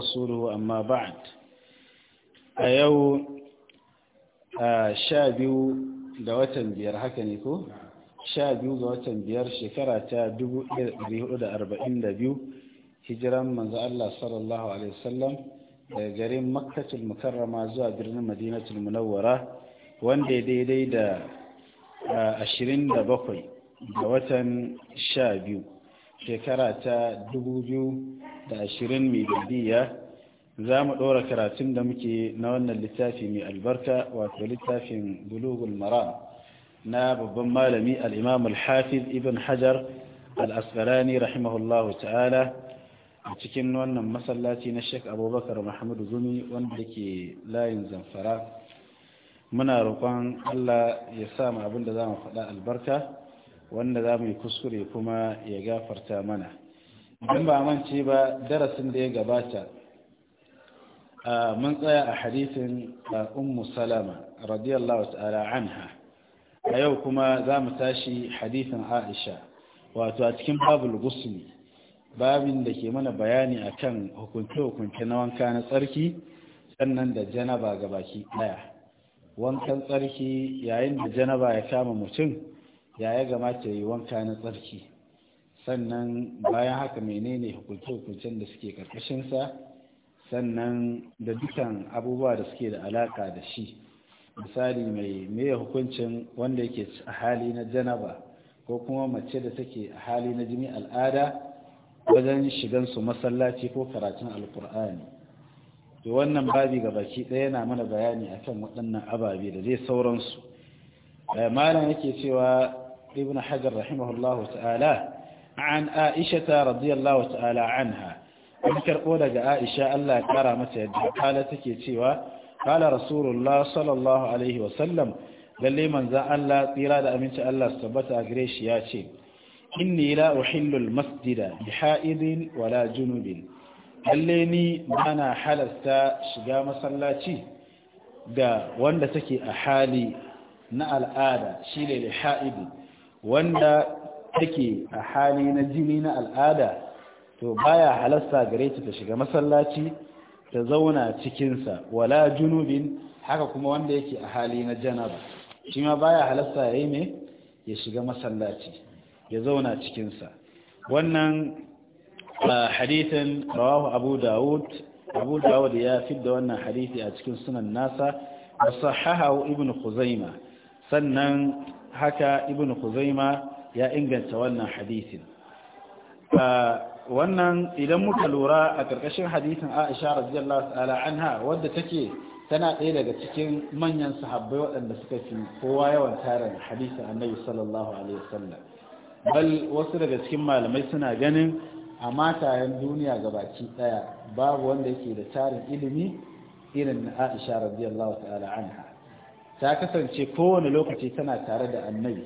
rasuluhu amma ba'd a yau sha biyu ga watan biyar haka ne ko sha biyu ga watan biyar shekara ta 1442 hijiran manzo Allah sallallahu alaihi wasallam daga garin makkatul mukarrama zuwa birnin madinatul munawwara wanda ya daidai da 27 ga watan sha biyu shekara ta 2020 miladiya za mu ɗora karatun da muke na wannan littafi mai albarka wato littafin bulugul maram na babban malami al'imam al-hafiz ibn hajar al-asqalani rahimahullahu ta'ala a cikin wannan masallaci na sheik abubakar muhammadu gumi wanda ke layin zamfara muna roƙon allah ya sa mu abin da za mu faɗa albarka wanda za mu yi kuskure kuma ya gafarta mana don ba mance ba darasin da ya gabata mun tsaya a hadisin ummu salama radiyallahu ta'ala anha a yau kuma za mu tashi hadisin aisha wato a cikin babul gusmi babin da ke mana bayani a kan hukunce-hukunce na wanka na tsarki sannan da janaba ga baki daya wankan tsarki yayin da janaba ya kama mutum ya ya gamata yi wanka na tsarki sannan bayan haka menene hukunce-hukuncen da suke karkashinsa sannan da dukan abubuwa da suke da alaka da shi misali mai meye hukuncin wanda yake a hali na janaba ko kuma mace da take a hali na jini al'ada wajen su masallaci ko karatun alkur'ani to wannan babi ga baki ɗaya yana mana bayani akan waɗannan ababe da zai sauransu eh, malam yake cewa ابن حجر رحمه الله تعالى عن عائشة رضي الله تعالى عنها أذكر أولى عائشة الله كرامته قالت كيتيوا قال رسول الله صلى الله عليه وسلم lalle manzan Allah tsira da aminci Allah su tabbata a gare shi ya ce inni la uhillul masjida bi ha'idin wala junubin lalle ni bana halasta shiga masallaci ga wanda take a hali na al'ada shine li ha'idi wanda take a hali na jini na al'ada to baya halasta gare ta ta shiga masallaci ta zauna cikinsa wala junubin haka kuma wanda yake a hali na janaba shi ma baya halasta ya yi ne ya shiga masallaci ya zauna cikinsa wannan hadithin rawahu abu dawud abu dawud ya fidda wannan hadithi a cikin sunan nasa wasahahu ibn khuzaima sannan haka ibn Khuzaima ya inganta wannan hadisin wannan idan muka lura a ƙarƙashin hadisin Aisha radiyallahu ta'ala anha wadda take tana ɗaya daga cikin manyan sahabbai waɗanda suka fi kowa yawan tarin hadisin Annabi sallallahu alaihi wasallam bal wasu daga cikin malamai suna ganin a matayen duniya gabaki ɗaya babu wanda yake da tarin ilimi irin Aisha radiyallahu ta'ala anha ta kasance kowane lokaci tana tare da annabi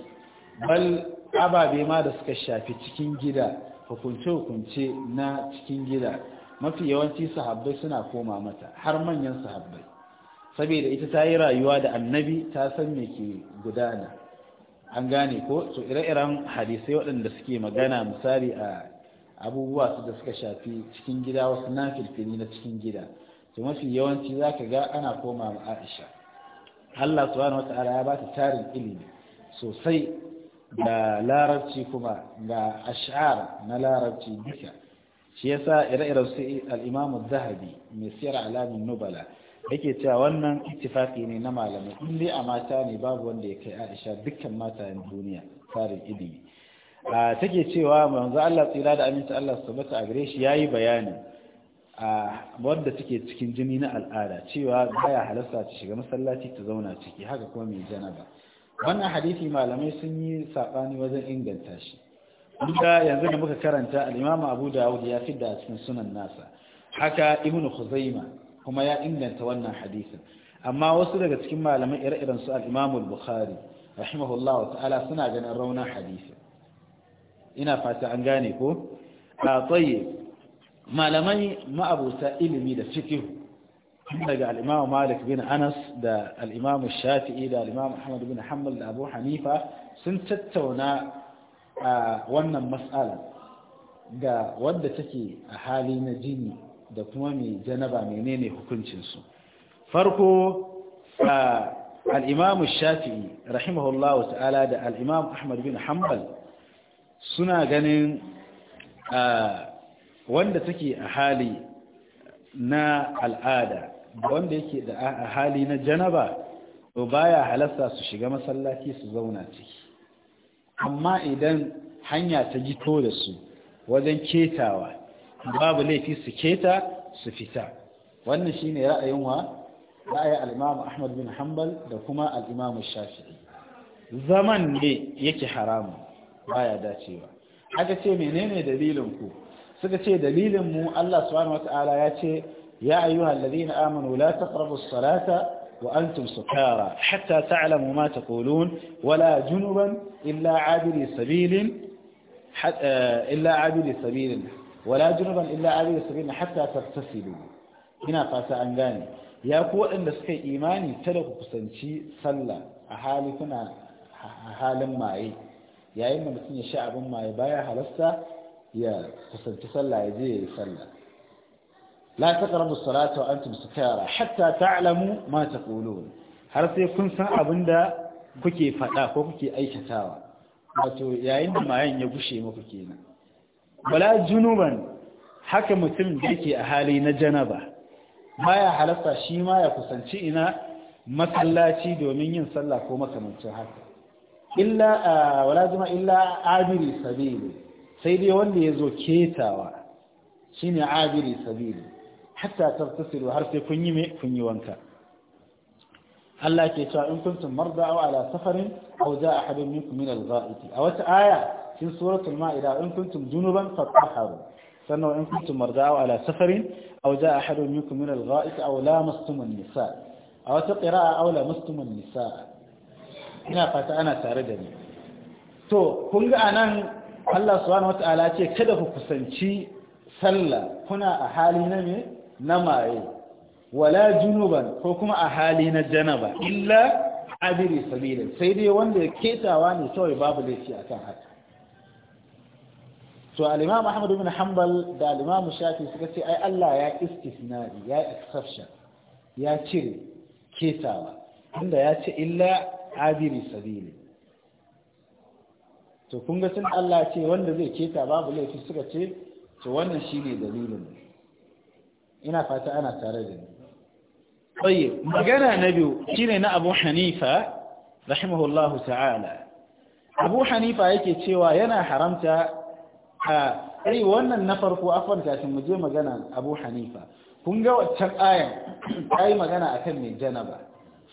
bal ababe ma da suka shafi cikin gida hukunce-hukunce na cikin gida mafi yawanci sahabbai suna koma mata har manyan sahabbai saboda ita ta yi rayuwa da annabi ta san me ke gudana an gane ko to ire-iren hadisai waɗanda suke magana misali a abubuwa su da suka shafi cikin gida wasu na filfili na cikin gida to mafi yawanci za ka ga ana koma ma aisha Allah subhanahu ya ba ta tarin ilimi sosai da larabci kuma da ash'ar na larabci duka shi yasa ire-iren su al zahabi mai siyar alamin nubala yake cewa wannan ittifaqi ne na malamai in dai a mata ne babu wanda ya kai Aisha dukkan matayen duniya tarin ilimi a take cewa manzo Allah tsira da aminta Allah subhanahu a gare shi yayi bayani wadda suke cikin jini na al'ada cewa baya halasta ta shiga masallaci ta zauna ciki haka kuma mai janaba wannan hadisi malamai sun yi saɓani wajen inganta shi duka yanzu da muka karanta al'imama abu dawud ya fi da cikin sunan nasa haka ibnu khuzaima kuma ya inganta wannan hadisin amma wasu daga cikin malamai ire-iren su al'imamu bukhari rahimahullah ta'ala suna ganin raunin hadisi ina fata an gane ko a tsaye malamai ma'abuta ilimi da fikihu daga al'imamu malik bin anas da al'imamu shafi'i da al'imamu ahmad bin hanbal da abu hanifa sun tattauna a wannan matsala ga wadda take a hali na jini da kuma mai janaba menene hukuncinsu farko al'imamu shafi'i rahimahullah ta'ala da al'imamu ahmad bin hanbal suna ganin wanda take a hali na al'ada da wanda yake da a hali na janaba to baya halasta su shiga masallaci su zauna ciki amma idan hanya ta jito da su wajen ketawa babu laifi su keta su fita wannan shine ra'ayin wa ra'ayin al-Imam Ahmad bin Hanbal da kuma al-Imam Shafi'i zaman ne yake haramu baya dacewa aka ce menene dalilin ku suka ce dalilin mu Allah subhanahu wata'ala ya ce ya ayyuhal ladina amanu la taqrabu as-salata wa antum sukara hatta ta'lamu ma taqulun wala junuban illa abiri sabilin eh, illa abiri sabilin wala junuban illa abiri sabilin hatta tattasilu ina fata an gane ya ku waɗanda suka imani tada ku kusanci sallah a hali kuna halin maye yayin da mutum ya sha abin maye baya halasta ya kusanci sallah ya je ya yi sallah la taqrabu salata wa antum sukara hatta ta'lamu ma taqulun har sai kun san abinda kuke faɗa ko kuke aikatawa wato yayin da mayan ya gushe muku kenan wala junuban haka mutum da yake a hali na janaba baya halatta shi ma ya kusanci ina masallaci domin yin sallah ko makamancin haka illa ah, wala zuma illa abiri sabili sai dai wanda ya zo ketawa shine abiri sabili hatta tartasilu har sai kun yi me kun yi wanka Allah ke cewa in kuntum marda aw ala safarin aw jaa ahadun minkum min al-gha'iti a wata aya cikin suratul ma'ida in kuntum junuban fatahharu sannan in kuntum marda aw ala safarin aw jaa ahadun minkum min al-gha'iti aw lamastum an nisa, a wata qira'a aw lamastum an nisa ina fata ana tare da ni to kun ga anan Allah subhanahu wata'ala ce kada ku kusanci sallah kuna a hali na me na maye wala junuban ko kuma a hali na janaba illa abiri sabilin sai dai wanda ya ketawa ne kawai babu laifi kan haka to al-imam Ahmad Hanbal da alimami Shafi suka ce ai Allah ya istisnari ya exception ya cire ketawa inda ya ce illa abiri sabilin to kun ga sun Allah ce wanda zai keta babu laifi suka ce to wannan shine dalilin ina fata ana tare da ni magana na biyu shine na Abu Hanifa rahimahullahu ta'ala Abu Hanifa yake cewa yana haramta a ai wannan na farko afwan kafin mu je magana Abu Hanifa kun ga waccan ayan ai magana akan mai janaba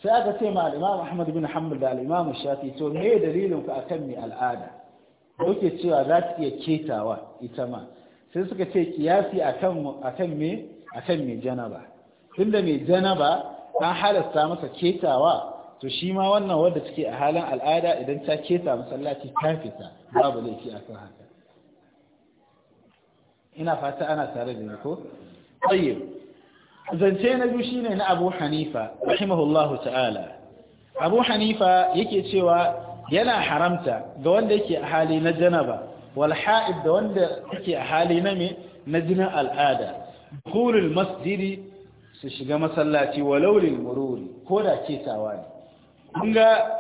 sai aka ce ma al-Imam Ahmad bin Hanbal da al-Imam Shafi to me dalilin ku akan mai al'ada yake cewa za ta iya ketawa ita ma sai suka ce kiyasi akan me mai janaba tunda mai janaba an halasta masa ketawa to shi ma wannan wadda suke a halin al'ada idan ta keta masallaci ta fita babu laifi kan haka ina fata ana tare da ko tayyib zance na biyu shine na Abu Hanifa rahimahullahu ta'ala Abu Hanifa yake cewa yana haramta ga wanda yake a hali na janaba wal ha'id da wanda yake a hali na me na jinin al'ada dukhulul masjidi su shiga masallaci walau lil mururi ko da ketawa ne kun ga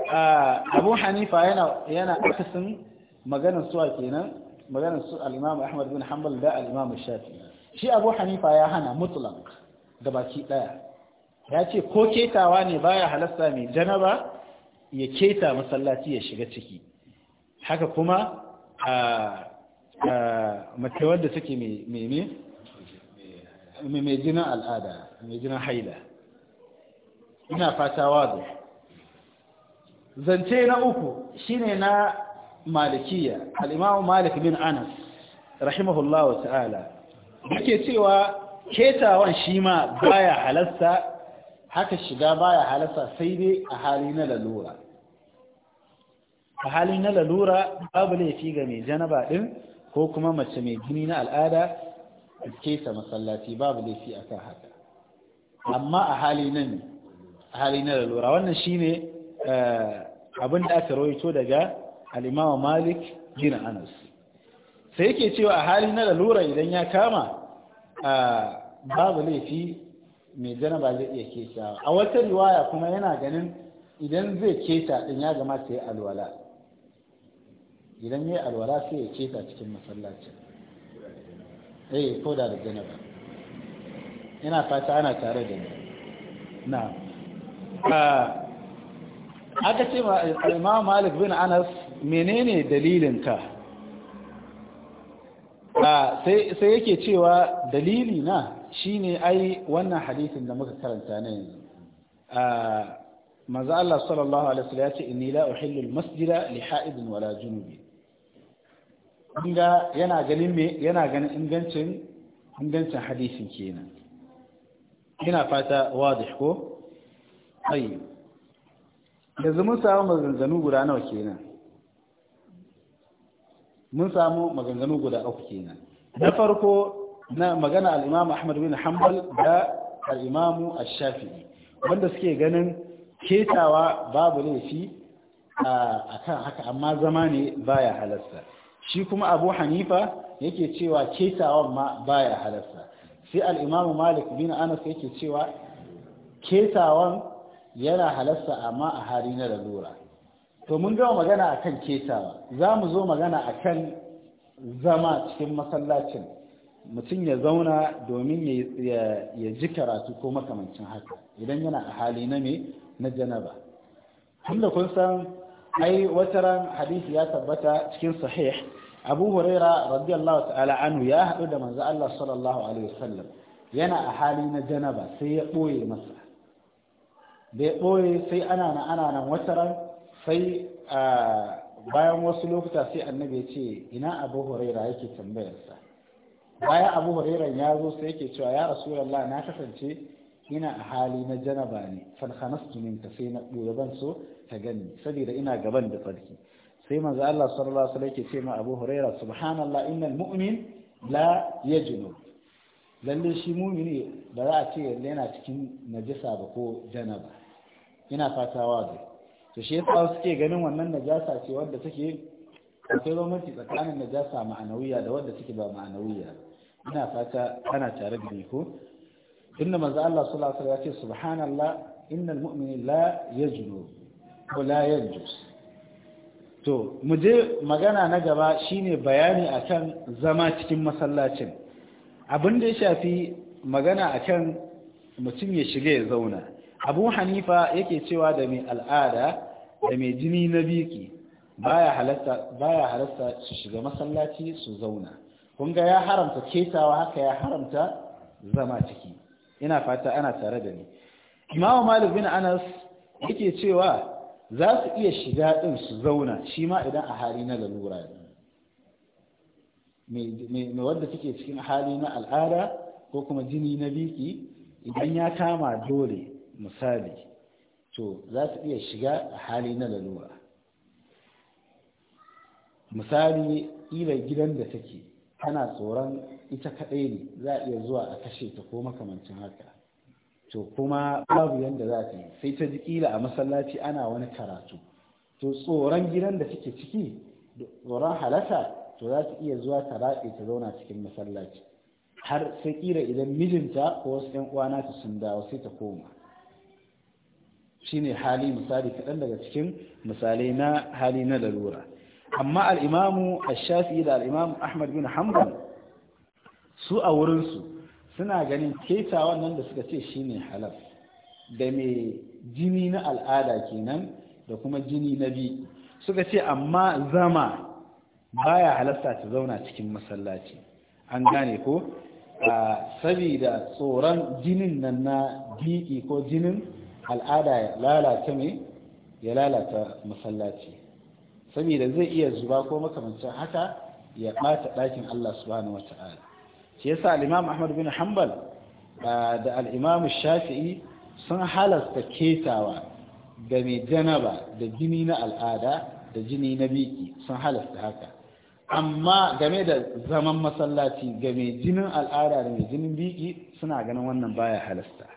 Abu Hanifa yana akasin maganar suwa kenan maganar su al Ahmad bin Hanbal da al Shafi. shi Abu Hanifa ya hana mutlaq gabaki daya ya ce ko ketawa ne baya halasta mai janaba ya keta masallaci ya shiga ciki haka kuma a matewar da take mai jina al'ada mai jina haila ina fata wazo zance na uku shine na malikiya al'imamu malik bin anas rahimahullahu ta'ala yake cewa ketawan shi ma baya halasta haka shiga baya halasa sai dai a hali na lalura a hali na lalura babu laifi ga mai janaba din ko kuma mace mai jini na al'ada kesa masallaci babu laifi a kan haka amma a hali nan a hali na lalura wannan shi ne eh, abin da aka rohito daga al'imawa malik bin anas sai yake cewa a hali na lalura idan ya kama eh, babu laifi mai ba zai iya keta a wata riwaya kuma yana ganin idan zai keta din ya gama sai alwala idan ya alwala sai ya keta cikin masallacin eh ko da ba ina fata ana tare da ni na ah, aka ce ma imam malik bin anas menene dalilinka ah, sai yake cewa dalili na Shi ne ai wannan hadisin da muka karanta na yanzu manzo Allah sallallahu alaihi wasallam ya ce inni la uhillu al-masjida li ha'idin wala junubi inga yana ganin me yana ganin ingancin ingancin hadisin kenan ina fata wadih ko ayi yanzu mun samu maganganu guda nawa kenan mun samu maganganu guda uku kenan na farko na magana al’imamu ahmad bin hanbal da al-imam wanda suke ganin ketawa babu laifi a kan haka amma zama ne baya halasta shi kuma abu hanifa yake cewa ketawan ma baya halasta sai al'imamu malik bin anas yake cewa ketawan yana halasta amma a hari na lalura to mun gama magana a kan ketawa za mu zo magana a kan zama cikin masallacin mutum ya zauna domin ya ji karatu ko makamancin haka idan yana a hali na na janaba tunda kun san ai wata ran hadisi ya tabbata cikin sahih abu huraira radiyallahu ta'ala anhu ya haɗu da manzo Allah sallallahu alaihi wasallam yana a hali na janaba sai ya ɓoye masa da ya ɓoye sai ana na ana nan wata ran sai ah, bayan wasu lokuta sai annabi ya ce ina abu huraira yake tambayarsa bayan abu hurairan ya zo sai yake cewa ya rasulallah na kasance ina a hali na janaba ne fanhanastu min ka sai na ɗoya ban so ta gani saboda ina gaban da farki sai manzo Allah sallallahu alaihi wasallam yake ce ma abu huraira subhanallah innal mu'min la yajnub lalle shi mumini ba za a ce yana cikin najasa ba ko janaba ina fatawa da to shi yasa suke ganin wannan najasa ce wanda take akwai bambanci tsakanin najasa ma'anawiya da wanda take ba ma'anawiya ba ina fata ana tare da ni ko inna manzo Allah sallallahu alaihi wasallam ya subhanallah innal mu'mina la yajnu ko la yajus to mu je magana na gaba shine bayani akan zama cikin masallacin abin da ya shafi magana akan mutum ya shiga ya zauna abu hanifa yake cewa da mai al'ada da mai jini na biki baya halatta baya halatta su shiga masallaci su zauna kun ga ya haramta ketawa haka ya haramta zama ciki ina fata ana tare da ni imamu malik bin anas yake cewa za su iya shiga ɗin su zauna shi ma idan a hali na lalura ne mai wadda take cikin hali na al'ada ko kuma jini na biki idan ya kama dole misali to za su iya shiga a hali na lalura misali ila gidan da take tana tsoron ita kaɗai ne za a iya zuwa a kashe ta ko makamancin haka to kuma babu yadda za ta yi sai ta ji kila a masallaci ana wani karatu to tsoron gidan da take ciki tsoron halarta to za ta iya zuwa ta raɗe ta zauna cikin masallaci har sai kira idan mijinta ko wasu 'yan uwana ta sun dawo sai ta koma shine hali misali kaɗan daga cikin misalai na hali na lalura amma al'imamu shafi da al'imamu ahmad bin hanbal su a wurinsu suna ganin keta wannan da suka ce shine halal da mai jini na al'ada kenan da kuma jini na bi suka ce amma zama baya halasta ta zauna cikin masallaci an gane ko sabida tsoron jinin nan na bi'i ko jinin al'ada ya lalata mai ya lalata masallaci saboda zai iya zuba ko makamancin haka ya ɓata ɗakin Allah subhanahu wa shi yasa al-Imam Ahmad bin Hanbal da al Shafi'i sun halasta ketawa da mai janaba da jini na al'ada da jini na biki sun halasta haka amma game da zaman masallaci ga mai jinin al'ada da mai jinin biki suna ganin wannan baya halasta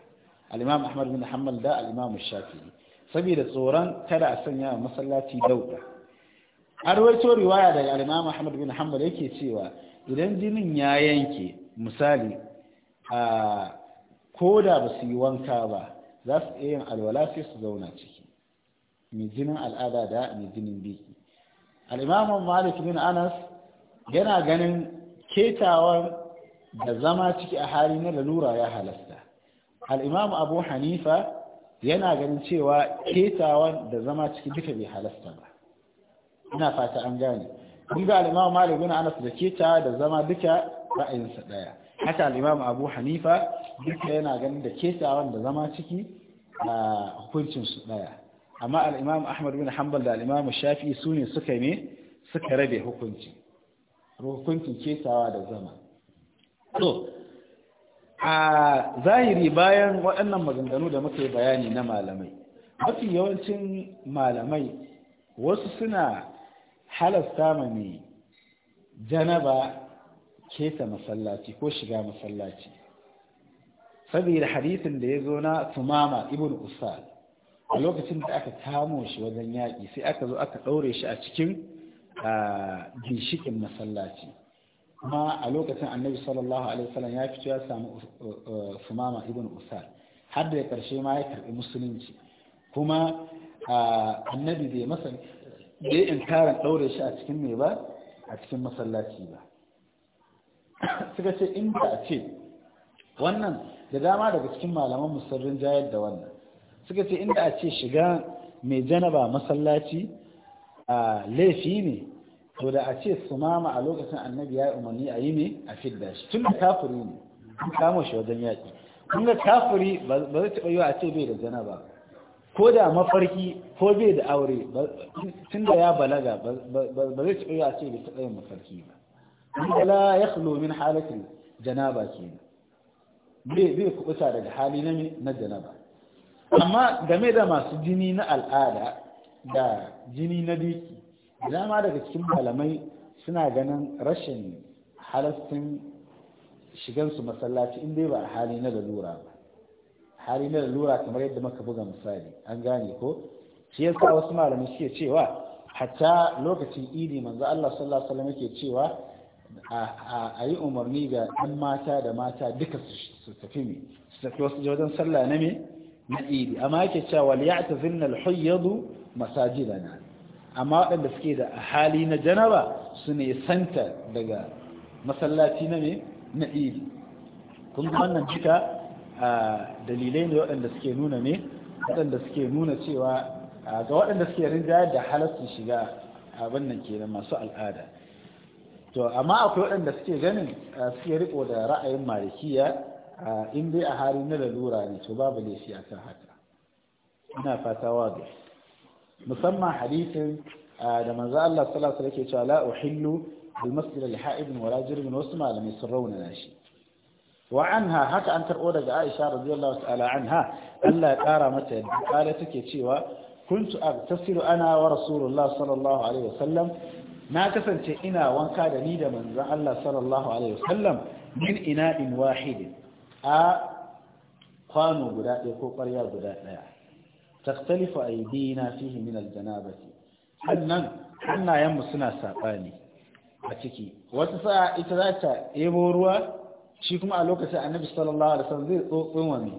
al-Imam Ahmad bin Hanbal da al-Imam Shafi'i saboda tsoron kada a sanya masallaci dauka har riwaya daga al-Imam Ahmad bin Hanbal yake cewa idan jinin ya yanke misali a koda ba su yi wanka ba za su iya yin alwala sai su zauna ciki mai jinin al'ada da mai jinin biki Al'imaman Malik bin Anas yana ganin ketawar da zama ciki a hali na lalura ya halasta Al'imamu Abu Hanifa yana ganin cewa ketawan da zama ciki duka bai halasta ba ina fata an gane kun ga al-imam anas da keta da zama duka ra'ayinsa daya haka al-imam abu hanifa duka yana ganin da keta wanda zama ciki a hukuncin daya amma al-imam ahmad bin hanbal da al-imam shafi'i su ne suka ne suka rabe hukunci hukuncin ketawa da zama to a zahiri bayan waɗannan maganganu da muka yi bayani na malamai mafi yawancin malamai wasu suna halasta ma mai janaba keta masallaci ko shiga masallaci saboda hadisin da ya zo na tumama ibn usal a lokacin da aka kamo shi wajen yaƙi sai aka zo aka ɗaure shi a cikin ginshikin masallaci kuma a lokacin annabi sallallahu alaihi wasallam ya fito ya samu sumama uh, uh, ibn usal har da ƙarshe ma ya karɓi musulunci kuma annabi bai masa in inkarin ɗaure shi a cikin mai ba a cikin masallaci ba suka ce in ba a ce wannan da dama daga cikin malaman musallin jayar da wannan suka ce inda a ce shiga mai janaba masallaci a laifi ne to da a ce su mama a lokacin annabi ya umarni a yi ne a fidda shi tun da kafuri ne kamo shi wajen yaki. kun ga kafuri ba zai taɓa yi a ce bai da janaba ba ko da mafarki ko bai da aure tun da ya balaga ba zai ci a ce da ta yin mafarki ba la ya min halakin janaba ke bai kubuta daga hali na janaba amma game da masu jini na al'ada da jini na biki dama daga cikin malamai suna ganin rashin halastin shigansu masallaci in dai ba a hali na lalura ba hali na lura kamar yadda muka buga misali an gane ko shi yasa wasu malamai suke cewa hatta lokacin idi manzo Allah sallallahu alaihi wasallam yake cewa a yi umarni ga dan mata da mata duka su tafi mi su tafi wasu wajen sallah na me na idi amma yake cewa wal ya'tazinna al-hayyadu masajidana amma waɗanda suke da hali na janaba su ne santa daga masallaci na me na idi kun wannan duka dalilai ne waɗanda suke nuna ne waɗanda suke nuna cewa ga waɗanda suke rinjayar da halattun shiga abin nan kenan masu al'ada to amma akwai waɗanda suke ganin suke riko da ra'ayin malikiya in dai a hali na lalura ne to babu laifi kan haka ina fata wadu musamman hadisin da manzo Allah sallallahu alaihi wasallam yake cewa la uhillu bil masjid al ha'ib wa rajul min wasu malamai sun raunana shi wa anha haka an karɓo daga Aisha radiyallahu ta'ala anha Allah ya kara mata yadda kala take cewa kuntu agtasilu ana wa rasulullah sallallahu alaihi wasallam na kasance ina wanka da ni da manzon Allah sallallahu alaihi wasallam min ina'in wahid a kwano guda ɗaya ko ƙwarya guda ɗaya taktalifu aidina fihi min aljanabati sannan hannayenmu suna saɓani a ciki wata sa'a ita za ta ebo ruwa shi kuma a lokacin annabi sallallahu alaihi wasallam zai tsoma ne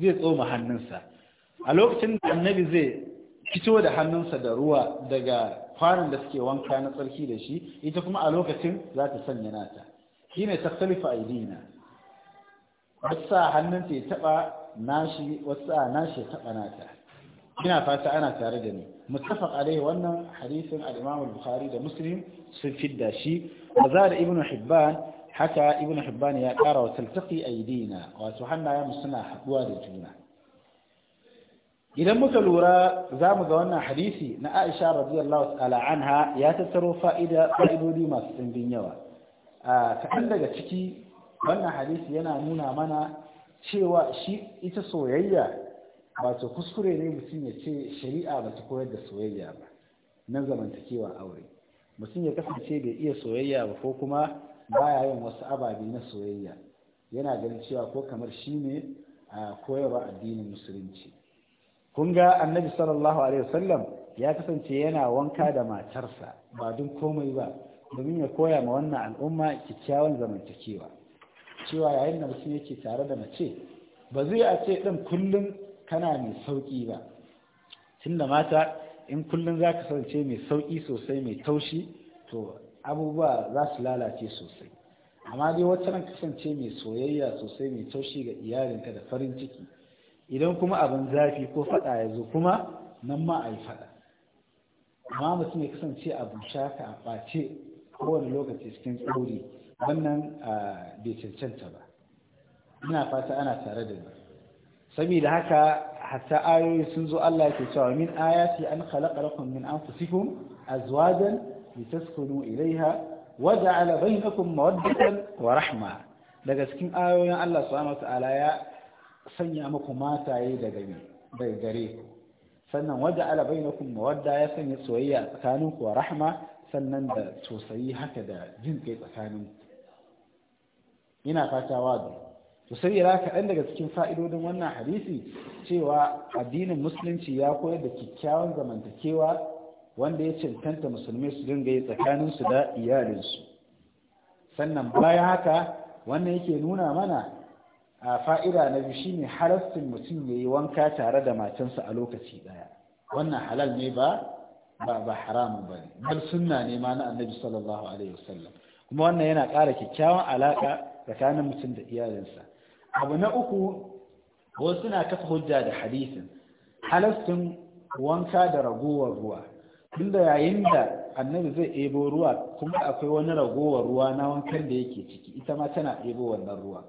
zai tsoma hannunsa a lokacin da annabi zai fito da hannunsa da ruwa daga kwanon da suke wanka na tsarki da shi ita kuma a lokacin za ta sanya nata shine ta aidina wasu sa hannunta ya taba nashi wasu sa nashi ya taba nata ina fata ana tare da ni mustafa alaihi wannan hadisin al-Imam al-Bukhari da Muslim sun fidda shi da ibn Hibban haka ibn hibban ya kara wa taltaqi aydina wato hannayen suna haɗuwa da juna idan muka lura zamu ga wannan hadisi na aisha radiyallahu ta'ala anha ya tattaro fa'ida fa'idodi masu ɗimbin yawa kaɗan daga ciki wannan hadisi yana nuna mana cewa shi ita soyayya wato kuskure ne mutum ya ce shari'a ba ta koyar da soyayya ba na zamantakewa aure mutum ya kasance bai iya soyayya ba ko kuma baya yin wasu ababe na soyayya yana ganin cewa ko kamar shi ne a koyarwa addinin musulunci kun ga annabi sallallahu alaihi wasallam ya kasance yana wanka da matarsa ba don komai ba domin ya koya ma wannan al'umma kyakkyawan zamantakewa cewa yayin da mutum yake tare da mace ba zai a ce ɗin kullum kana mai sauƙi ba tunda mata in kullum za ka kasance mai sauƙi sosai mai taushi to abubuwa za su lalace sosai amma dai wata ran kasance mai soyayya sosai mai taushi ga iyalinka da farin ciki idan kuma abin zafi ko faɗa ya zo kuma nan ma a yi faɗa amma mutum ya kasance a busha ka a ɓace kowane lokaci cikin tsauri wannan bai cancanta ba ina fata ana tare da ni saboda haka hatta ayoyi sun zo Allah yake cewa min ayati an khalaqa lakum min anfusikum azwajan litaskunu ilaiha wa ja'ala bainakum mawaddatan wa rahma daga cikin ayoyin Allah subhanahu ta'ala ya sanya muku mataye da ni daga gare ku sannan waje ala bainakum mawadda ya sanya soyayya tsakanin ku wa rahma sannan da tausayi haka da jin kai tsakanin ina fata wadu to sai ya ka daga cikin fa'idodin wannan hadisi cewa addinin musulunci ya koyar da kyakkyawan zamantakewa wanda ya cancanta musulmi su dinga yi tsakaninsu da iyalinsu sannan bayan haka wannan yake nuna mana a fa'ida na biyu shine halastin mutum ya yi wanka tare da matansa a lokaci ɗaya wannan halal ne ba ba haramun ba ne bal sunna ne ma na annabi sallallahu alaihi wasallam kuma wannan yana ƙara kyakkyawan alaƙa tsakanin mutum da iyalinsa abu na uku wasu na kafa hujja da hadisin halastin wanka da ragowar ruwa tunda yayin da annabi zai ebo ruwa kuma akwai wani ragowar ruwa na wankan da yake ciki ita ma tana ebo wannan ruwa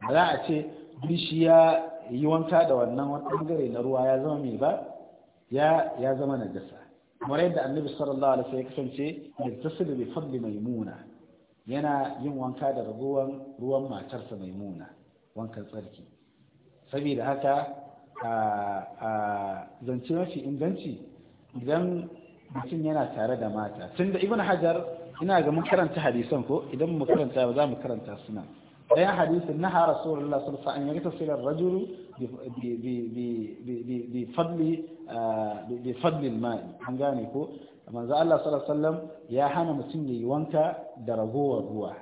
ba za a ce shi ya yi wanka da wannan wani bangare na ruwa ya zama mai ba ya ya zama najasa kamar yadda annabi sallallahu alaihi ya kasance yattasilu bi fadli muna, yana yin wanka da ragowar ruwan matarsa muna wankan tsarki saboda haka a zance mafi inganci idan mutum yana tare da mata tun da ibn hajar ina ga mun karanta hadisan ko idan mu karanta ba za mu karanta suna ɗayan hadisin na hara rasulullah Allah alaihi ya tafsira rajulu bi fadli bi fadli ah, al-ma'i an gane ko manzo Allah sallallahu ya hana mutum yi wanka da ragowar ruwa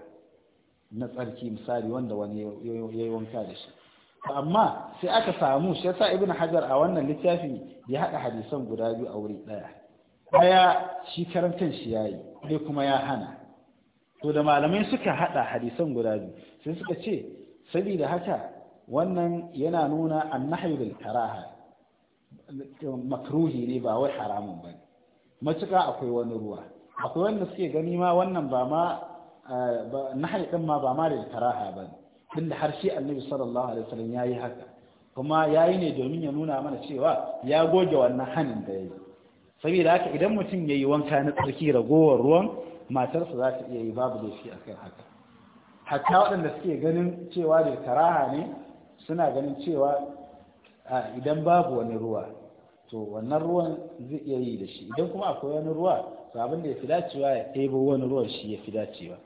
na tsarki misali wanda wani yayi wanka da shi amma sai aka samu shi yasa ibn hajar a wannan littafi ya haɗa hadisan guda biyu a wuri ɗaya. daya shi karantar shi yayi dai kuma ya hana to da malamai suka haɗa hadisan guda biyu sai suka ce saboda haka wannan yana nuna annahyu karaha makruhi ne ba wai haramun ba. matuka akwai wani ruwa akwai wanda suke gani ma wannan ba ma nahyi ɗin ma ba ma da karaha ba. tunda har shi annabi sallallahu alaihi wasallam yayi haka kuma yayi ne domin ya nuna mana cewa ya goge wannan hanin da yayi saboda haka idan mutum ya yi wanka na tsarki ragowar ruwan matarsa za ta iya yi babu laifi a kan haka hatta waɗanda suke ganin cewa da karaha ne suna ganin cewa idan babu wani ruwa to wannan ruwan zai iya yi da shi idan kuma akwai wani ruwa to abin da ya fi dacewa ya ɗebo wani ruwan shi ya fi dacewa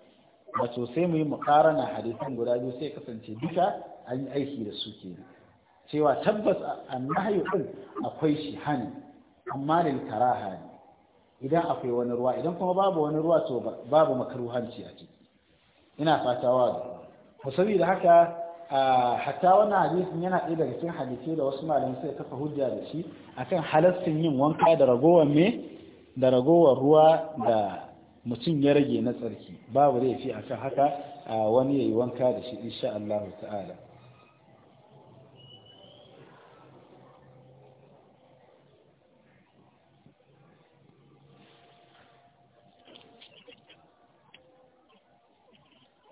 wato sai mu yi na hadisan guda biyu sai kasance duka an yi aiki da su ke cewa tabbas a nahayu ɗin akwai shi hani amma lil karaha ne idan akwai wani ruwa idan kuma babu wani ruwa to babu makruhanci a ciki ina fata wa da saboda haka hatta wannan hadisin yana ɗaya daga cikin hadisi da wasu malamai suka kafa hujja da shi akan halastin yin wanka da ragowar me da ragowar ruwa da mutum ya rage na tsarki babu laifi akan haka wani yayi wanka da shi insha Allah ta'ala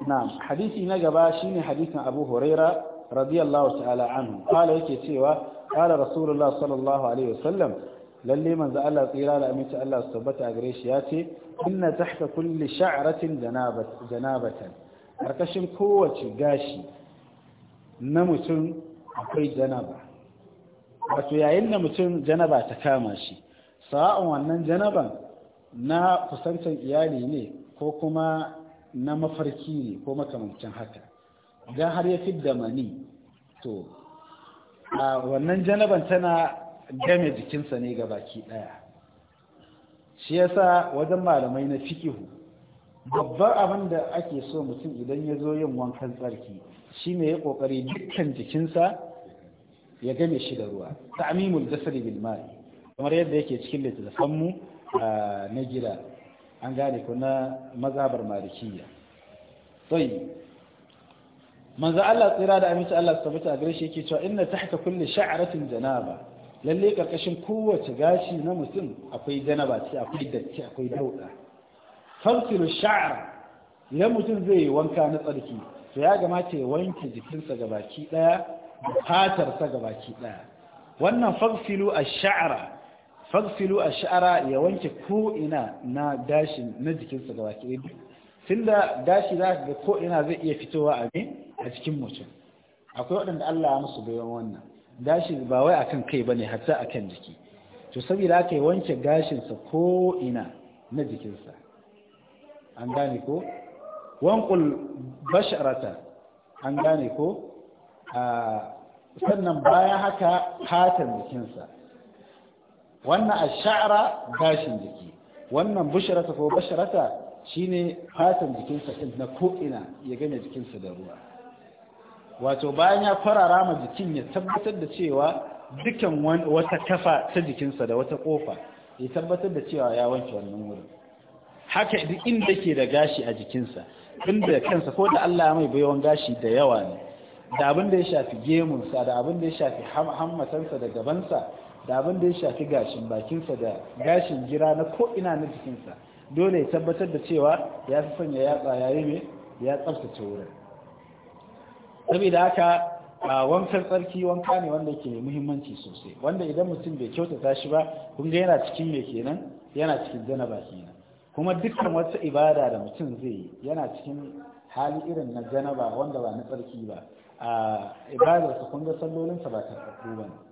na'am hadisi na gaba shine hadisin Abu Huraira radiyallahu ta'ala anhu kala yake cewa kala Rasulullah sallallahu alaihi wasallam lalle manzo Allah tsira da aminci Allah su tabbata a gare shi ya ce inna tahta kulli sha'ratin janabatan karkashin kowace gashi na mutum akwai janaba wato yayin da mutum janaba ta kama shi sa'an wannan janaban na kusantar iyali ne ko kuma na mafarki ne ko makamancin haka Idan har ya fidda mani to a wannan janaban tana game jikinsa ne ga baki ɗaya shi yasa wajen malamai na fikihu babbar abin da ake so mutum idan ya zo yin wankan tsarki shine ya kokari dukkan jikinsa ya game shi da ruwa ta amimul bil ma'i kamar yadda yake cikin littattafan mu na gida an gane ku na mazhabar malikiya sai manzo Allah tsira da aminci Allah su tabbata gare shi yake cewa inna tahta kulli sha'ratin janaba lalle karkashin kowace gashi na mutum akwai janaba ce akwai datti akwai dauda farsilu sha'r idan mutum zai yi wanka na tsarki to ya gamata ya wanke jikinsa gabaki daya fatarsa gabaki daya wannan farsilu a shara fagsilu a sha'ara ya wanke ko'ina na dashin na jikinsa wake ke tun da dashi za ga ko'ina zai iya fitowa a ne a cikin mutum akwai waɗanda Allah ya musu bayan wannan dashi ba wai akan kai bane hatta akan jiki to saboda ka yi wanke gashinsa ko'ina na jikinsa an gane ko wankul basharata an gane ko ah, sannan bayan haka fatan jikinsa wannan ash'ara gashin jiki wannan bushrata ko basharata shine fatan jikinsa din na ko'ina ya gane jikinsa da ruwa wato bayan ya farara ma jikin ya tabbatar da cewa dukan wata kafa ta jikinsa da wata kofa ya tabbatar da cewa ya wanke wannan wurin haka duk inda ke da gashi a jikinsa inda kansa ko da Allah mai baiwan gashi da yawa ne da abin da ya shafi gemunsa da abin da ya shafi hammatansa da gabansa da abin da ya shafi gashin bakinsa da gashin jira na ko'ina na jikinsa dole ya tabbatar da cewa ya fi sanya yatsa yayi ne ya tsaftace wurin saboda haka wankan tsarki wanka ne wanda ke muhimmanci sosai wanda idan mutum bai kyautata shi ba kun yana cikin mai kenan yana cikin janaba kenan kuma dukkan wata ibada da mutum zai yi yana cikin hali irin na janaba wanda ba na tsarki ba a ibadarsa kun ga sallolinsa ba ta ba ne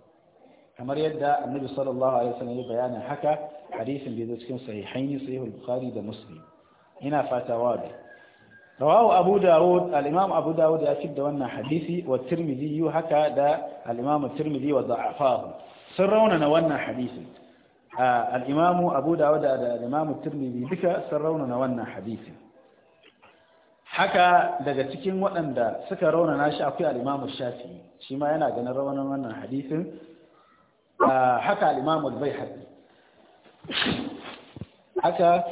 kamar yadda annabi sallallahu alaihi wasallam ya bayanin haka hadisin da zo cikin sahihain sahihul bukhari da muslim ina fata wa da rawahu abu dawud al-imam abu dawud ya fitar wannan hadisi wa tirmidhi yu haka da al-imam tirmidhi wa da'afahu sun raunana wannan hadisin al-imam abu dawud da al-imam tirmidhi duka sun raunana wannan hadisin haka daga cikin waɗanda suka raunana shi akwai al-imam shafi'i shi ma yana ganin rawanan wannan hadisin haka al bai haɗi baihaqi haka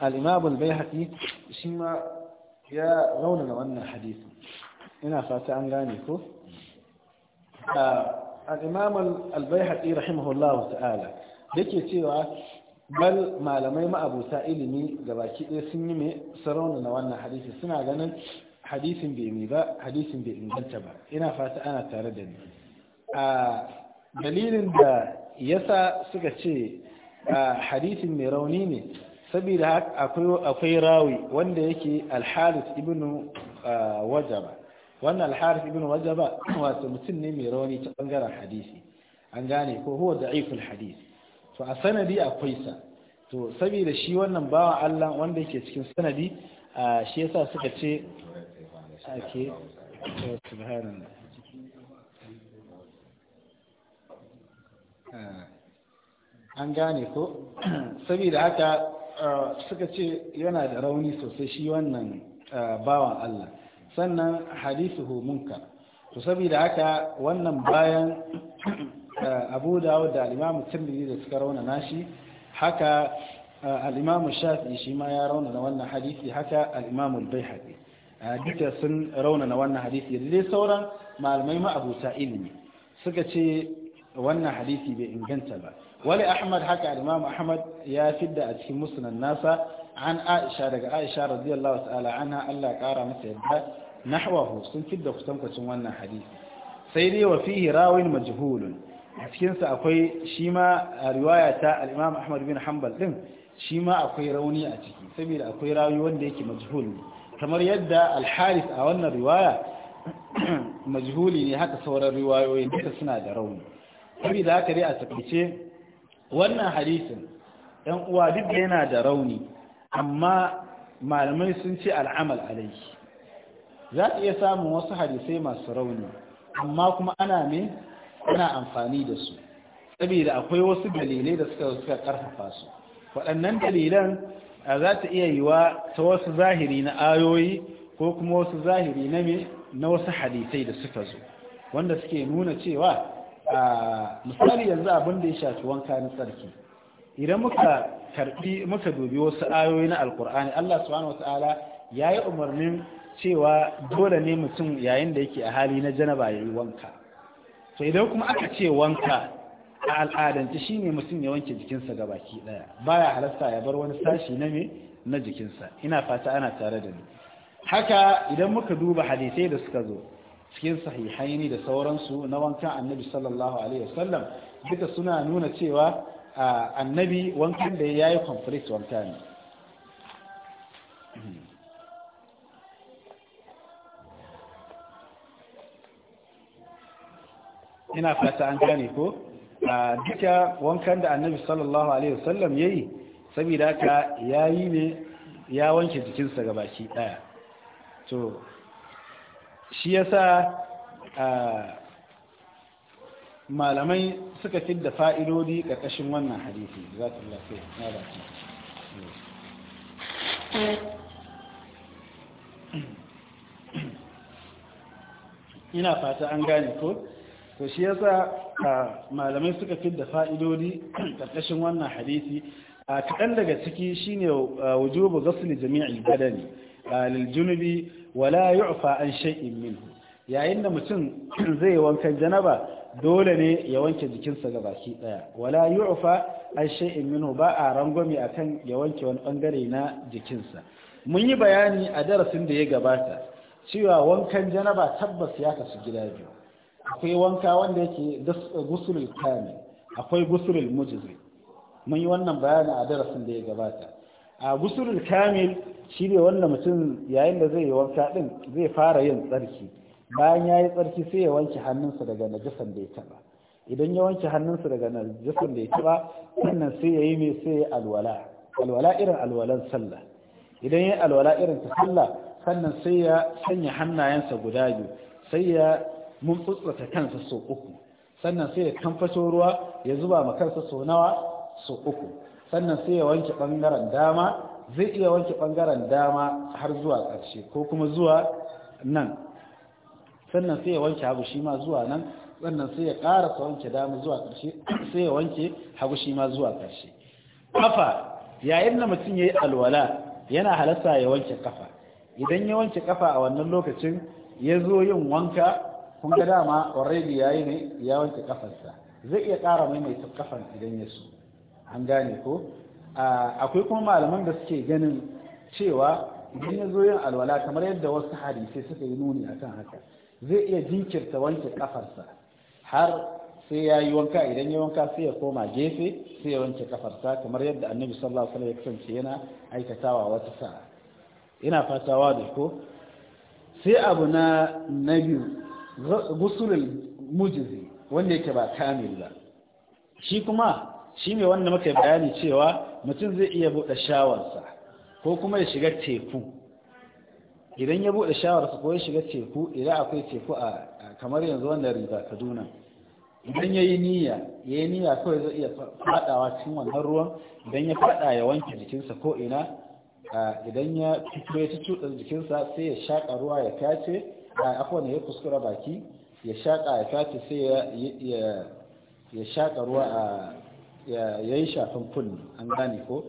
al-imam al shi ma ya raunana wannan hadisi ina fata an gane ko al-imam al-baihaqi rahimahullahu ta'ala yake cewa bal malamai ma'abuta ilimi gabaki ɗaya sun yi mai sarauna na wannan hadisi suna ganin hadisin bai mai ba hadisin bai inganta ba ina fata ana tare da ni dalilin da yasa suka ce hadisin mai rauni ne saboda akwai rawi wanda yake alharis ibn wajaba wannan alharis ibn wajaba wato mutum ne mai rauni ta bangaren hadisi an gane ko huwa da'iful hadis to a sanadi akwai sa to saboda shi wannan bawan Allah wanda yake cikin sanadi shi yasa suka ce ake subhanallah Eh, an gane ko saboda haka eh, suka ce yana da rauni sosai shi wannan eh, bawan Allah sannan hadithu munkar to saboda haka wannan bayan Abu Dawud da imam Tirmidhi da suka rauna nashi haka al-Imam Shafi'i shi ma ya rauna wannan hadisi haka al-Imam al duka sun rauna wannan hadisi da sauran malamai ma abuta ilimi suka ce wannan hadisi bai inganta ba wali ahmad haka imam ahmad ya fidda a cikin musnan nasa an aisha daga aisha radiyallahu ta'ala anha Allah ya kara masa yadda nahwahu sun fidda kusankwacin wannan hadisi sai dai wa fihi rawin majhulun a cikin sa akwai shi ma riwaya ta al-imam ahmad bin hanbal din shi ma akwai rauni a ciki saboda akwai rawi wanda yake majhul kamar yadda al-harith a wannan riwaya majhuli ne haka sauran riwayoyin duka suna da rauni saboda haka dai a takaice wannan hadisin ɗan uwa duk da yana da rauni amma malamai sun ce al'amal alai za ka iya samun wasu hadisai masu rauni amma kuma ana ne ana amfani da su saboda akwai wasu dalilai da suka suka karfafa su waɗannan dalilan za ta iya yiwa ta wasu zahiri na ayoyi ko kuma wasu zahiri na me na wasu hadisai da suka zo wanda suke nuna cewa a misali yanzu abin da ya shafi wanka na tsarki idan muka karbi muka dubi wasu ayoyi na alkur'ani Allah subhanahu ya yi umarnin cewa dole ne mutum yayin da yake a hali na janaba yi wanka to idan kuma aka ce wanka a al'adance ne mutum ya wanke jikinsa ga baki daya baya halasta ya bar wani sashi na me na jikinsa ina fata ana tare da ni haka idan muka duba hadisai da suka zo cikin sahihaini da sauransu na wankan annabi sallallahu alaihi wasallam duka suna nuna cewa annabi wankan da ya yi complete wanka ne ina fata an gane ko duka wankan da annabi sallallahu alaihi wasallam ya yi saboda ka ya yi ne ya wanke jikinsa gabaki daya to shi yasa malamai suka fi da fa'idodi ƙarƙashin wannan hadisi za su lafiya na rafi ina fata an gane ko to shi yasa malamai suka fi da fa'idodi ƙarƙashin wannan hadisi a kaɗan daga ciki shine wujubu gasli jami'il badani lil junubi wala yu'fa an shay'in minhu yayin da mutum zai wankan janaba dole ne ya wanke jikinsa ga baki daya wala yu'fa an shay'in minhu ba a rangwame akan ya wanke wani bangare na jikinsa mun yi bayani a darasin da ya gabata cewa wankan janaba tabbas ya kasu gida biyu akwai wanka wanda yake gusulul kamil akwai gusulul mujzi mun yi wannan bayani a darasin da ya gabata a gusulul kamil shi ne wanda mutum yayin da zai yi wanka din zai fara yin tsarki bayan ya yi tsarki sai ya wanke hannunsa daga najasan da ya taba idan ya wanke hannunsa daga najasan da ya taba sannan sai ya yi mai sai ya alwala alwala irin alwalan sallah idan ya alwala irin ta sallah sannan sai ya sanya hannayensa guda biyu sai ya mumtsutsata kansa sau uku sannan sai ya kamfato ruwa ya zuba ma kansa sau nawa sau uku sannan sai ya wanke ɓangaren dama zai iya wanke ɓangaren dama har zuwa ƙarshe ko kuma zuwa nan sannan sai ya wanke hagu shi ma zuwa nan sannan sai ya ƙarasa wanke dama zuwa ƙarshe sai ya wanke hagu shi ma zuwa ƙarshe kafa yayin da mutum ya yi alwala yana halatta ya wanke kafa idan ya wanke kafa a wannan lokacin ya zo yin wanka kun ga dama already yi ne ya wanke kafarsa zai iya ƙara maimaita kafan idan ya so an gane ko akwai kuma malaman da suke ganin cewa idan ya zo yin alwala kamar yadda wasu hadisai suka yi nuni akan haka zai iya jinkirta wanke kafarsa har sai ya yi wanka idan ya wanka sai ya koma gefe sai ya wanke kafarsa kamar yadda annabi sallallahu alaihi wasallam ya kasance yana aikatawa wata sa'a ina fatawa da ko sai abu na na biyu gusulul mujizi wanda yake ba kamil ba shi kuma shi mai wanda muka bayani cewa mutum zai iya buɗe shawarsa ko kuma ya shiga teku idan ya buɗe shawarsa ko ya shiga teku idan akwai teku a kamar yanzu wanda riga kaduna idan ya yi niyya ya yi niyya kawai zai iya faɗawa cikin wannan ruwan idan ya faɗa ya wanke jikinsa ko ina idan ya fito ya cutar jikinsa sai ya shaƙa ruwa ya tace a akwai ya kuskura baki ya shaƙa ya tace sai ya shaƙa ruwa a ya yi shafin kunne an gane ko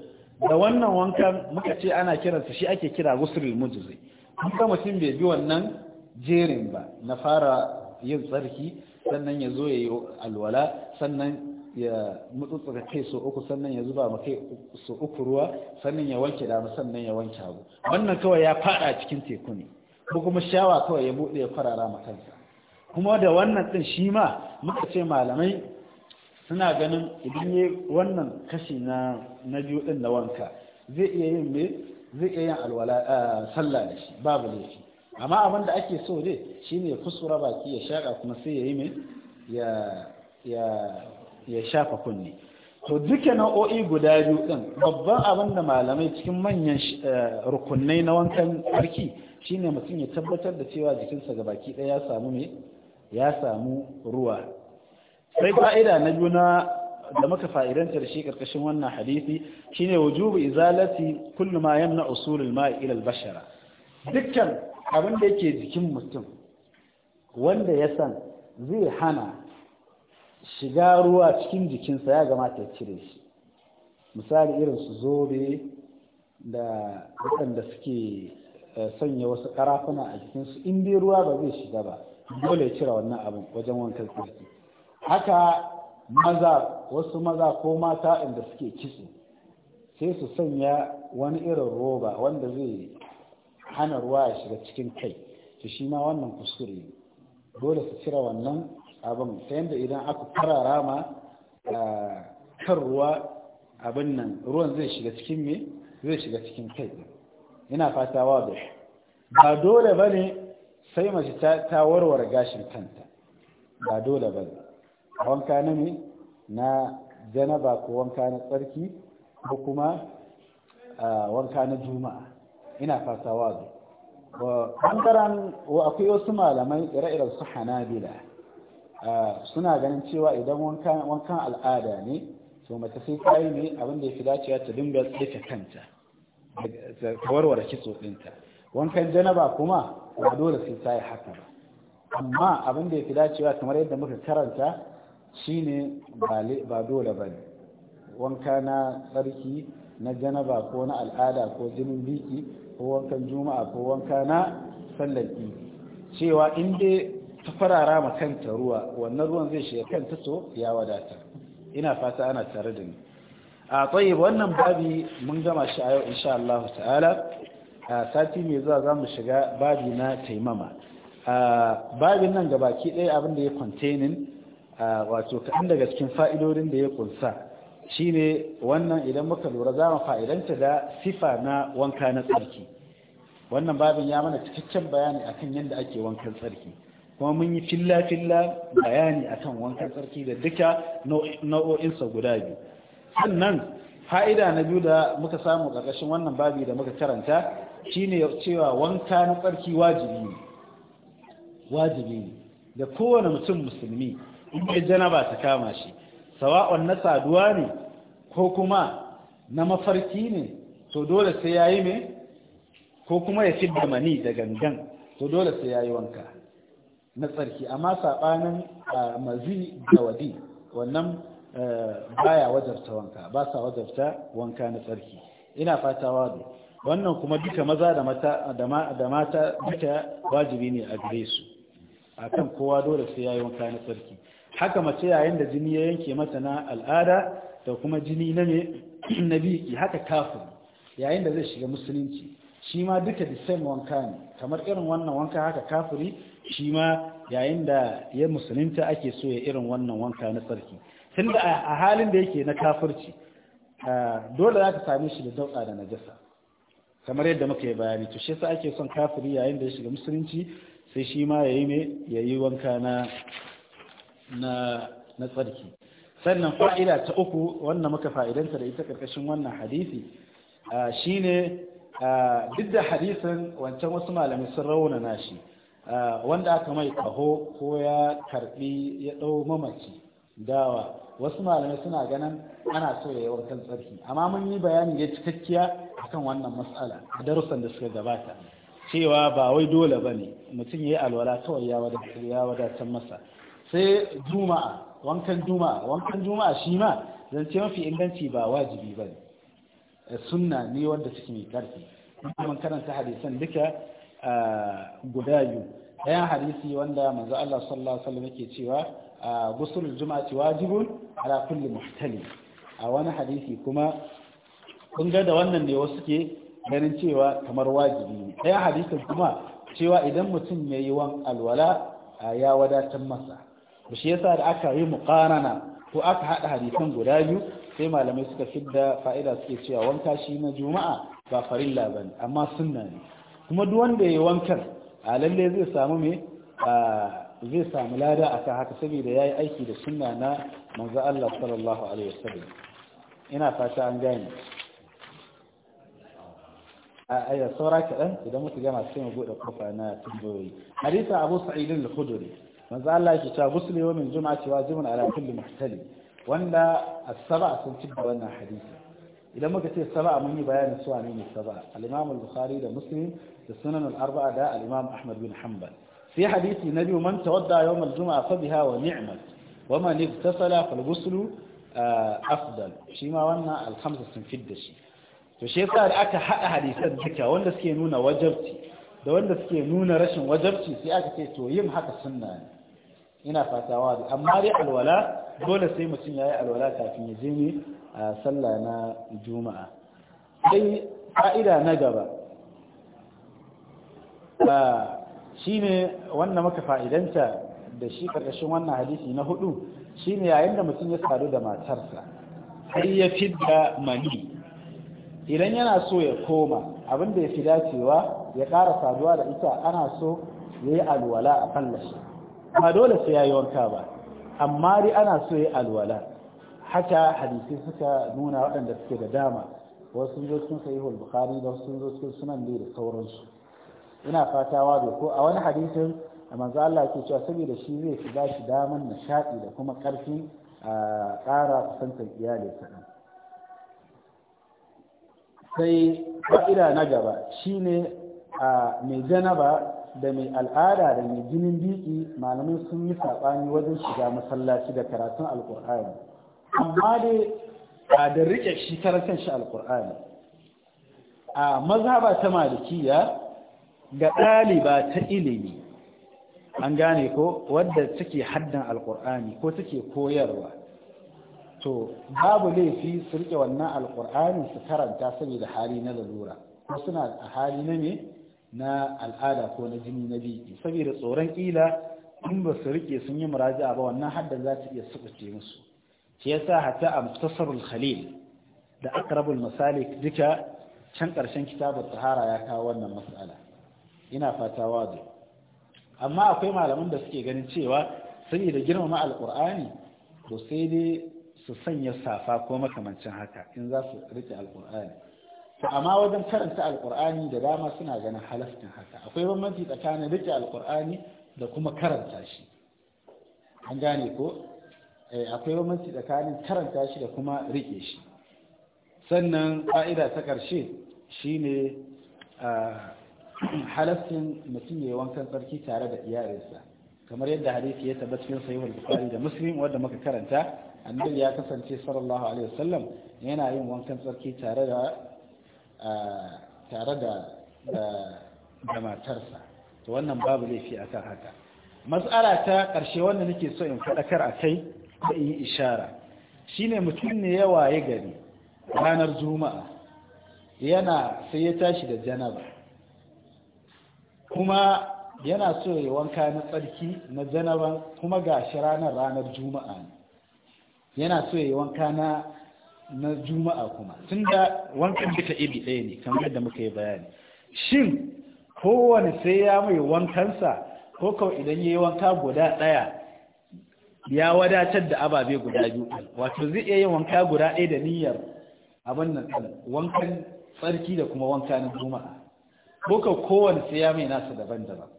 da wannan wankan muka ce ana kiransa shi ake kira gusulul mujzi kuma mutum bai bi wannan jerin ba na fara yin tsarki sannan ya zo ya yi alwala sannan ya mutsutsuka kai so uku sannan ya zuba ma kai so uku ruwa sannan ya wanke dama sannan ya wanke abu wannan kawai ya fada cikin teku ne ko kuma shawa kawai ya bude ya farara ma kansa kuma da wannan din shi ma muka ce malamai suna ganin idan ya wannan kashi na na biyu din na wanka zai iya yin me zai iya yin alwala ah, sallah da shi babu laifi amma abin da ake so dai shine ya kusura baki ya shaka kuma sai ya yi me ya ya ya shafa kunne to duka nau'o'i guda biyu din babban abin da malamai cikin manyan eh, rukunai na wankan tsarki shine mutum ya tabbatar da cewa jikinsa ga baki ɗaya ya samu me ya samu ruwa sai fa'ida na juna da maka fa'idanta da shi karkashin wannan hadisi shine wujubu izalati kullum ma yamna usulul ma'i bashara dukkan abin da yake jikin mutum wanda ya san zai hana shiga ruwa cikin jikinsa ya gamata ya cire shi misali irin su zobe da waɗanda suke eh, sanya wasu ƙarafuna a jikinsu in dai ruwa ba zai shiga ba dole ya cire wannan abin wajen wankan tsirki haka maza wasu maza ko mata inda suke kitse sai su sanya wani irin roba wanda zai hana ruwa ya shiga cikin kai to shi ma wannan kuskure ne dole su cire wannan abin ta yadda idan aka farara ma ah, kan ruwa abin nan ruwan zai shiga cikin me zai shiga cikin kai ina fata wa ba dole ba ne sai mace ta warware gashin kanta ba dole ba ne wanka na ne na janaba ko wanka na tsarki ko kuma wanka na juma'a ina fasa wazo ɓangaren akwai wasu malamai ire-iren su hanabila suna ganin cewa idan wankan al'ada ne to mace sai ta yi ne abinda ya fi dacewa ta dinga tsaye kanta ta warware kitso ɗinta wankan janaba kuma ba dole sai ta yi haka ba amma abin da ya fi dacewa kamar yadda muka karanta shine ba dole ba ne wanka na tsarki na janaba ko na al'ada ko jinin biki ko wankan juma'a ko wanka na sallar idi cewa in dai ta farara ma kanta ruwa wannan ruwan zai shiga kanta to ya wadata ina fata ana tare da ni a tsaye wannan babi mun gama shi a yau insha Allah ta'ala a sati mai zuwa za mu shiga babi na taimama babin nan gabaki ɗaya abin da ya kwantenin wato kaɗan daga cikin fa'idodin da ya kunsa shine wannan idan muka lura za mu fa'idanta da sifa na wanka na tsarki wannan babin ya mana cikakken bayani akan yadda ake wankan tsarki kuma mun yi filla-filla bayani akan wankan tsarki da duka nau'o'insa guda biyu sannan fa'ida na biyu da muka samu ƙarƙashin wannan babi da muka karanta shine cewa wanka na tsarki wajibi ne da kowane mutum musulmi in dai janaba ta kama shi sawa'on na saduwa ne ko kuma na mafarki ne to dole sai yayi me ko kuma ya fidda mani da gangan to dole sai yayi wanka na tsarki amma sabanin mazi da wadi wannan baya wajarta wanka ba sa wajarta wanka na tsarki ina fata wado wannan kuma duka maza da mata da mata duka wajibi ne a gare su akan kowa dole sai yayi wanka na tsarki haka mace yayin da jini ya yanke mata na al'ada da kuma jini na me na biki haka kafin yayin da zai shiga musulunci shi ma duka da same wanka ne kamar irin wannan wanka haka kafuri, shi ma yayin da ya musulunta ake so ya irin wannan wanka na tsarki Tun da a halin da yake na kafurci, dole za ka same shi da dauka da najasa kamar yadda muka yi bayani to shi sa ake son kafiri yayin da ya shiga musulunci sai shi ma ya yi wanka na na na tsarki sannan fa'ida ta uku wannan muka fa'idanta da ita karkashin wannan hadisi shine duk da hadisin wancan wasu malamai sun raunana shi wanda aka mai kaho ko ya karbi ya dau mamaci dawa wasu malamai suna ganin ana so ya yi wankan tsarki amma mun yi bayani ya cikakkiya akan wannan matsala. a darussan da suka gabata cewa ba wai dole ba ne mutum ya yi alwala kawai ya wadatar masa sai juma'a wankan juma'a wankan juma'a shi ma zance mafi inganci ba wajibi ba ne eh, sunna ne wanda suke mai karfi kuma karanta hadisan duka guda biyu hadisi wanda manzo Allah sallallahu alaihi wasallam yake cewa gusul juma'ati wajibun ala kulli muhtalim a wani hadisi kuma kun ga da wannan ne wasu ke ganin cewa kamar wajibi ne ɗayan hadisin kuma cewa idan mutum ya yi wan alwala ya wadatar masa to shi yasa da aka yi muqarana ko aka hada hadisan guda biyu sai malamai suka fidda fa'ida suke cewa wanka shi na juma'a ba farilla ne amma sunna ne kuma duk wanda yi wankan a lalle zai samu me zai samu lada akan haka saboda yi aiki da sunna na manzo Allah sallallahu alaihi wasallam ina fata an gane a aya saura kaɗan idan mutu gama sai mu buɗe kofa na tambayoyi hadisa abu sa'idin al-khudri manzo Allah ya cewa wa min juma'a cewa zimun ala kulli muhtali wanda asaba sun cika wannan hadisi idan muka ce saba mun yi bayanin su ne saba al-imam al-bukhari da muslim da sunan al-arba'a da al-imam ahmad bin hanbal fi hadisi nabi man tawadda yawm al-juma'a fa biha wa ni'mat wa man ittasala fal ghuslu eh, afdal shi ma wannan al-khamsa sun fidda shi to shi yasa da aka hada hadisan duka wanda suke nuna wajabci da wanda suke nuna rashin wajabci sai aka ce to yin haka sunna ne ina fatawa da amma dai alwala dole sai mutum ya yi alwala kafin ya je ne a sallah na juma'a sai fa'ida na gaba shi ne wannan maka fa'idanta da shi ƙarƙashin wannan hadisi na hudu shi ne yayin da mutum ya sadu da matarsa Sai ya fidda mani idan yana so ya koma abinda ya fi dacewa ya ƙara saduwa da ita ana so ya yi alwala a lashe ba dole sai yayi wanka ba amma dai ana so yi alwala haka hadisi suka nuna waɗanda suke da dama wasu sun zo cikin hul bukhari da sun zo cikin sunan da sauransu ina fata wado ko a wani hadisin manzo Allah ke cewa saboda shi zai shiga shi daman nishaɗi da kuma ƙarfin ƙara kusantar iyali kaɗan sai fa'ida na gaba shine mai janaba da mai al'ada da mai jinin diki malamai sun yi saɓani wajen shiga masallaci da karatun alkur'ani amma dai a da rike shi karatun shi alkur'ani a mazhaba ta malikiya ga ɗaliba ta ilimi an gane ko wadda take haddan alkur'ani ko take koyarwa to babu laifi su riƙe wannan alkur'ani su karanta saboda hali na lalura ko suna a hali na ne na al'ada ko na jini na biki saboda tsoron ƙila in ba su rike sun yi muraja'a ba wannan hadda za ta iya sukuce musu shi yasa hatta a muktasarul khalil da akrabul misali duka can ƙarshen kitabun sahara ya kawo wannan matsala ina fata wazo amma akwai malaman da suke ganin cewa saboda girmama alqur'ani to sai dai su sanya safa ko makamancin haka in za su rike alqur'ani to amma wajen karanta alkur'ani da dama suna ganin halastin haka akwai bambanci tsakanin rike alkur'ani da kuma karanta shi an gane ko eh, akwai bambanci tsakanin karanta shi da kuma rike shi sannan ƙa'ida ta ƙarshe shine ah, halastin mutum ya yi wankan tsarki tare da iyalinsa kamar yadda hadisi ya tabbata cikin sahihul bukhari da muslim wanda muka karanta annabi ya kasance sallallahu alaihi wasallam yana yin wankan tsarki tare da tare da matarsa to wannan babu laifi akan haka matsala ta ƙarshe wanda nake so in faɗakar a kai ko in yi ishara shine mutum ne ya waye gari ranar juma'a yana sai ya tashi da janaba kuma yana so ya wanka na tsarki na janaba kuma ga shi ranar ranar juma'a yana so ya wanka na na juma'a kuma tun da wankan duka iri ɗaya ne kamar yadda muka yi bayani shin kowane sai ya mai wankansa ko kawai idan ya yi wanka guda ɗaya ya wadatar da ababe guda biyu wato zai iya yin wanka guda ɗaya da niyyar abin nan wankan tsarki da kuma wanka na juma'a ko kawai kowane sai ya mai nasa daban-daban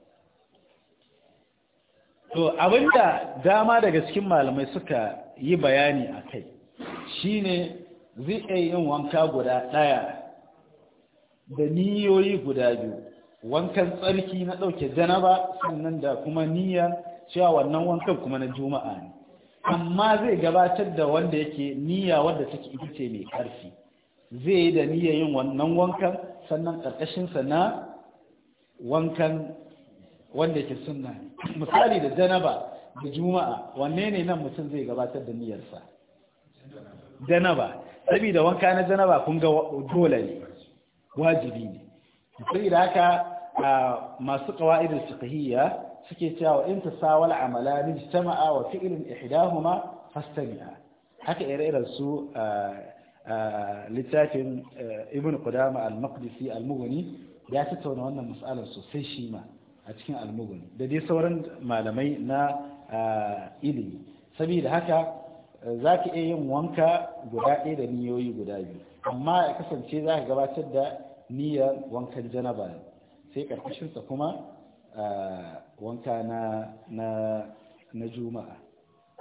to abinda dama daga cikin malamai suka yi bayani a kai Shi ne zai iya yin wanka guda ɗaya da niyoyi guda biyu wankan tsarki na ɗauke janaba sannan da kuma niyya cewa wannan wankan kuma na juma'a ne amma zai gabatar da wanda yake niyya wadda take ita ce mai ƙarfi zai yi da niyya yin wannan wankan sannan ƙarƙashinsa na wankan wanda yake sunna misali da janaba da juma'a wanne ne nan mutum zai gabatar da niyyarsa janaba saboda wanka na janaba kun ga dole ne wajibi ne da haka masu qawaidul fiqhiyya suke cewa in tasawal amalani jama'a wa fi'l ihdahuma fastami'a haka ire su littafin eh, ibn qudama al-maqdisi al-mughni ya tattauna wannan mas'alar sosai shi ma a cikin al-mughni da dai sauran malamai na ilimi saboda haka za ka iya yin wanka guda ɗaya da niyoyi guda biyu amma ya kasance za ka gabatar da niyyar wankan janaba sai karkashinsa kuma wanka na juma'a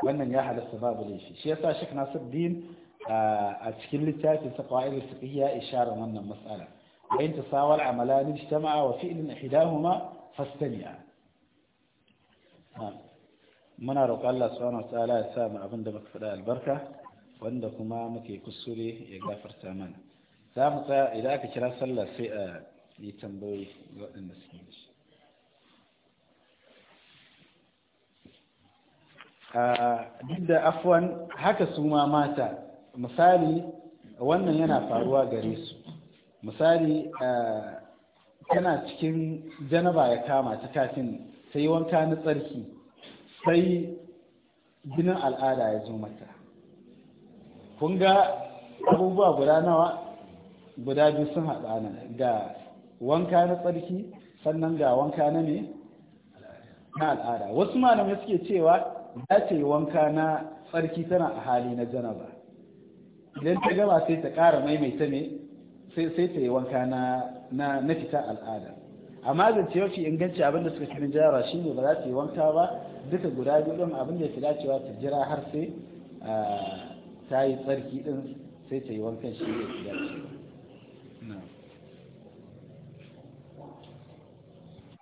wannan ya halasta babu laifi shi yasa shek nasiruddin a cikin littafin sa qawaid fiqhiyya ishara wannan matsala. wa in amala amalan ijtama'a wa fi'lun ihdahuma fastami'a muna roƙon Allah subhanahu wa ta'ala ya sa mu abin da muka faɗa albarka wanda kuma muke kusure ya gafarta mana za mu tsaya idan aka kira sallah sai a yi tambayoyi waɗanda suke da shi duk da afwan haka su ma mata misali wannan yana faruwa gare su misali tana cikin janaba ya kama ta kafin sai wanka na tsarki sai jinin al'ada ya zo mata kun ga abubuwa guda nawa guda biyu sun haɗa nan ga wanka na tsarki sannan ga wanka na ne na al'ada wasu malamai suke cewa za ta yi wanka na tsarki tana a hali na janaba idan ta gama sai ta ƙara maimaita ne sai ta yi wanka na na fita al'ada amma zance mafi inganci abinda suka kirin jara shine ba za ta yi wanka ba duka guda biyu ɗin abin da ya fi dacewa ta jira har sai ta yi tsarki din sai ta yi wankan shi ya fi dacewa